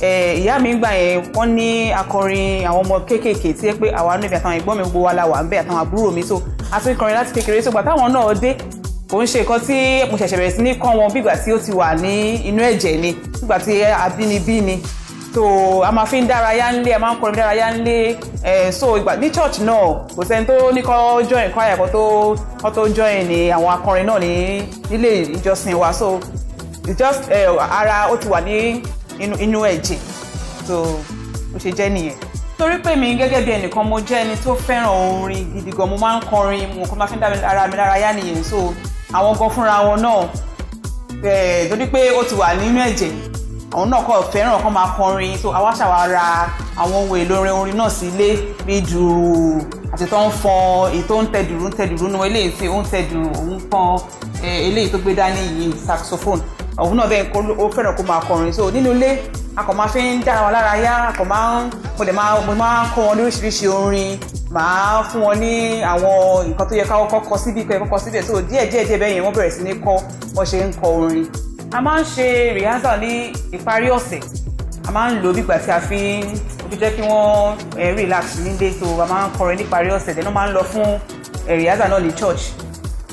ìyá mi gbà yẹn wọ́n ní akọrin àwọn ọmọ kéékèèké tí ẹ pé àwa náà ibi àtàwọn ẹ̀gbọ́n mi gbogbo wa la wà ń bẹ̀ àtàwọn àbúrò mi so a ti kọrin láti kékeré so gbà táwọn náà dé kò ń ṣe nǹkan tí mo ṣẹ̀ṣẹ̀ bẹ̀rẹ̀ sí ní kọ́ wọn bígbà tí ó ti wà ní inú ẹ̀jẹ̀ ni bígbà tí abínibí ni so a máa fi ń dárayá ńlé a máa ń kọrin dárayá ńlé so ìgbà ní church náà kò sẹ́ni tó ní kọ́ join choir kan tó kọ́ tó join ní àwọn akọrin náà ní nílé ìjọsìn wa so it's just ara ó ti wà ní inú inú ẹ̀jẹ̀ so ó ṣe jẹ́ nìyẹn torí pé mi gẹ́gẹ́ bí ẹnìkan mo jẹ́ ẹni tó fẹ́ràn orin gidi gan mo máa ń kọrin mo kọ́ máa fi ń dá ara mi lára yá nìyẹn so àwọn gan fúnra wọn náà bẹ́ẹ̀ torí pé ó ti wà nínú ẹ̀jẹ̀ àwọn náà kọ́ fẹ́ràn kọ́ máa kọrin so àwa ṣàwà ra àwọn ohun èlò orin orin náà sí ilé bíi dùrù àti tó ń fọn èyí tó ń tẹ dùrù ń tẹ dùrù nu eléyìí tí ó ń tẹ dùrù òun fọn eléyìí tó gbé dání yìí saxophone òun náà bẹ́ẹ̀ ó fẹ́ràn kó máa kọrin so nínú ilé a kò máa fi ń dára wọn lára yá a kò máa ń mo dẹ̀ máa mo máa ń kọ́ wọn lóríṣiríṣi orin màá fún wọn ní àwọn nǹkan tó yẹ ká kọ́kọ́ kọ síbi pé kọ́kọ́ síbẹ̀ so díẹ̀ díẹ̀ díẹ̀ bẹ́ẹ̀ yẹn wọ́n bẹ̀rẹ̀ sí ní kọ́ wọ́n ṣe ń kọ orin. a máa ń ṣe rehearsal ní ìparí ọ̀sẹ̀ a máa ń lò bí ìgbà tí a fi ń ojú jẹ́ kí wọ́n relax nílé so a máa ń kọrin ní ọ̀sẹ̀ dẹ́nu máa ń lọ fún rehearsal náà ní church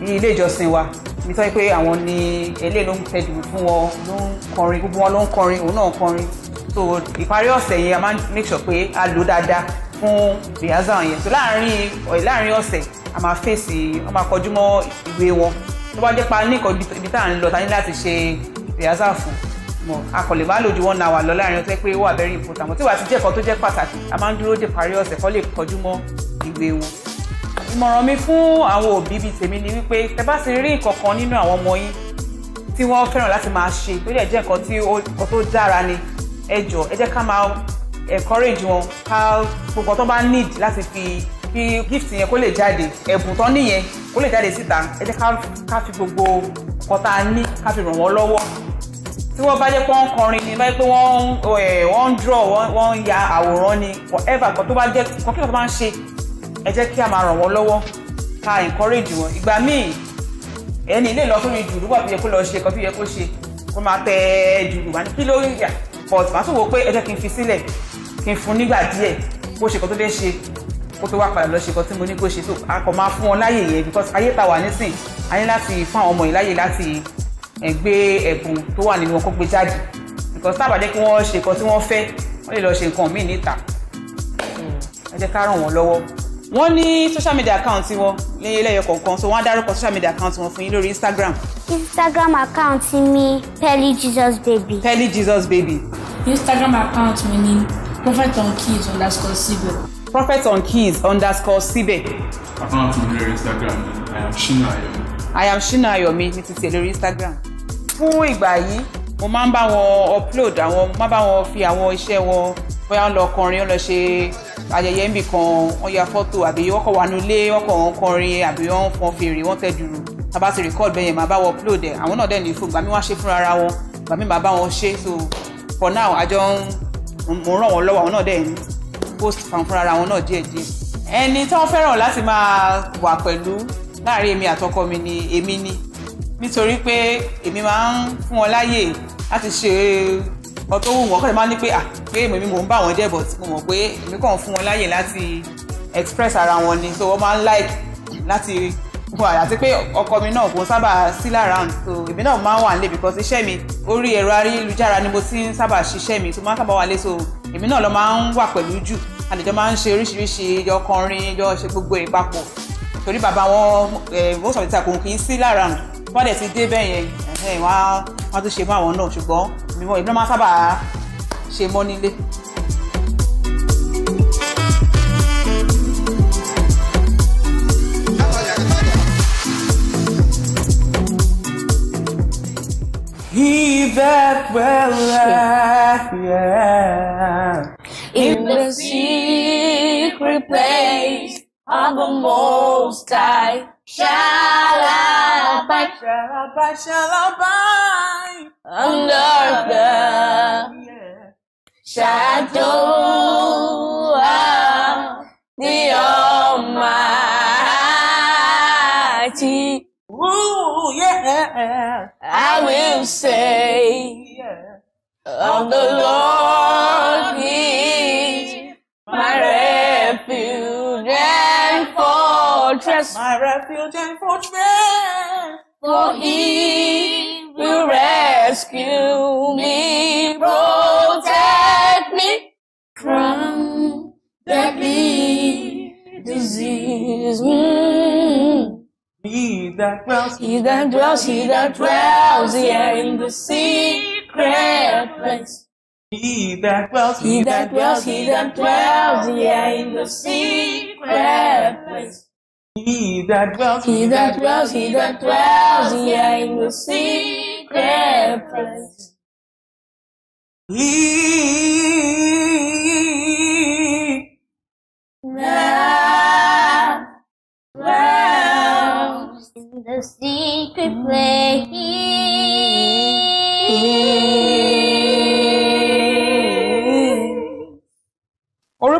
ní ilé ìjọsìn wa mi sọ pé àwọn ni eléyìí ló ń tẹ dùn fún wọn ló ń kọrin gbogbo wọn ló ń kọrin òun náà kọrin so ìparí ọ̀sẹ̀ yẹn a máa make sure pé a lò dáadáa fún rehearsal yẹn so láàárín láàárín ọ̀sẹ̀ a máa fèsì a máa kọjú mọ́ ìwé wọn tó bá jẹ́ pa nìkan ibi tá à ń lọ ta ní láti ṣe rehearsal fún mọ akọ̀lẹ̀ máa lò ju one hour lọ láàárín ọ̀sẹ̀ pé ó wà very important tí wàá ti jẹ́ tó jẹ́ pàtàkì a máa ń dúró dé parí ọ̀sẹ̀ kó lè kọjú mọ́ ìwé wọn ìmọ̀ràn mi fún àwọn òbí bíi tèmi ni wípé tẹ bá ti rí nǹkan kan nínú àwọn ọmọ yín tí wọ́n fẹ́ràn láti máa ṣe tó dẹ̀ jẹ́ nǹkan tí nǹkan tó dára ni ẹ jọ ẹ jẹ́ ká máa encourage wọn ká gbogbo tó bá need láti fi kí gift yẹn kó lè jáde ẹ̀bùn tán nìyẹn kó lè jáde síta ẹ jẹ́ ká fi gbogbo nǹkan tá a ní ká fi ràn wọ́n lọ́wọ́ tí wọ́n bá jẹ́ pé wọ́n kọrin ni báyìí pé wọ́n ń draw wọ́n ń ya àwòrán ni forever. kan tó bá jẹ́ kan ẹ jẹ́ kí a máa ràn wọ́n lọ́wọ́ ká encourage wọn ìgbà míì ẹni ilé ìlọsórí jùlù wà tó yẹ kó lọ ṣe kan tó yẹ kó ṣe kó máa tẹ jùlù wà ní kí ló but màá tún wò ó pé ẹ jẹ́ kí n fi sílẹ̀ kí n fún nígbà díẹ̀ kó ṣe kan tó lè ṣe kó tó wá padà lọ ṣe kan tí mo ní kó ṣe tó a kò máa fún wọn láyè yẹn because ayé ta wà nísìn a ní láti fún àwọn ọmọ yìí láyè láti gbé ẹ̀bùn tó wà nínú wọn kó gbé jáde because tábàdé kí wọ́n ṣe kan tí wọ́n fẹ́ wọ́n lè lọ ṣe nǹkan míì níta ẹ jẹ́ ká ràn wọ́n lọ́wọ́ wọ́n ní social media account wọn ní ẹlẹ́yọ kọ̀ọ̀kan so wọ́n á dárúkọ social media account wọn fún yín lórí instagram. instagram account mi Pearly Jesus Baby. Pearly Jesus Baby. instagram account mi ni prophet on keys underscore Cbe. prophet on keys underscore Cbe. account mi lórí instagram ni i am shina ayomi. i am shina ayomi ní ti tiẹ̀ lórí instagram. fún ìgbà yìí mo máa ń bá wọn upload àwọn mo máa ń bá wọn fi àwọn iṣẹ́ wọn bóyá ń lọ kọrin ń lọ ṣe ayẹyẹ ń bì kan wọ́n ya fọ́tò àbí wọ́n kọ̀ wà nulé wọ́n kọ̀ wọ́n kọrin àbí wọ́n fọn fèrè wọ́n tẹ́ dùrù bàbá ti record bẹ́yẹn máa bá wọn upload ẹ̀ àwọn náà dẹ̀ ní fún gbàmí wọ́n ṣe fúnra ara wọn gbàmí máa bá wọn ṣe so for now àjọ mo ràn wọ́n lọ́wọ́ àwọn náà dẹ̀ ń post fan fúnra ara wọn náà díẹ̀díẹ̀ ẹni tí wọ́n fẹ́ràn láti máa wà pẹ̀lú láàrin èmi àtọkọ mi ni èmi ni nítorí pé èmi máa ń fún wọn láyè láti ṣe ọ̀tọ̀ wù wọ́n kọ́ ẹ̀ máa ní pé à pé èmi mò ń bá wọn jẹ́ but mo mọ̀ pé èmi kàn ń fún wọn láyè láti express ara wọn ni so wọ́n máa ń like láti wà àti pé ọkọ mi náà kò sábà sí around so èmi náà máa ń wà nílé because iṣẹ́ mi orí ẹ̀rọ ayélujára ni mo ti ń sábà ṣiṣẹ́ mi so máa ń sábà wà lé so èmi náà lọ máa ń wà pẹ̀lú jù àlejò máa ń ṣe oríṣiríṣi ìjọ kọrin ìjọ ṣe gbogbo ẹ̀ papọ̀ torí bàbá wọn eh, most of the time kò kì í sí around wọ́n dẹ̀ ti dé bẹ́ẹ̀ yẹn ẹ̀ wọ́n á tún ṣe fún àwọn náà ṣùgbọ́n ìbímọ ìbímọ máa sábà ṣe mọ́ nílé. Ìbẹ̀pẹ̀ láfíà. In the secret place of the Most High shall shall abide, shall abide under the shadow of the Almighty. Ooh, yeah. I will say yeah. of the Lord is my refuge and fortress. My refuge and fortress for he will rescue me, protect me from the disease. Mm. He that dwells, he that dwells, he that dwells, yeah, in the secret place. He that dwells, he that dwells, he that dwells, yeah, in the secret place. He that dwells, he that dwells, he that dwells, yeah, in the secret place. He that dwells in the secret place.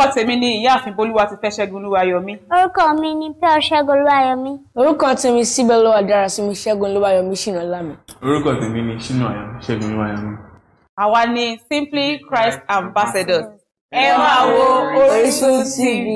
orúkọ tèmi ni ìyáàfin bolúwa ti fẹ́ ṣẹ́gun olúwayọ̀mí. orúkọ mi ni pé ṣẹ́gun olúwayọ̀mí. orúkọ tèmi síbẹ̀ lọ́wọ́ dára sí mi ṣẹ́gun olúwayọ̀mí ṣìnà lámì. orúkọ tèmi ni ṣìnà ṣẹ́gun olúwayọ̀mí. àwa ni simply Christ ambassadors. ẹ máa wo Orísun TV.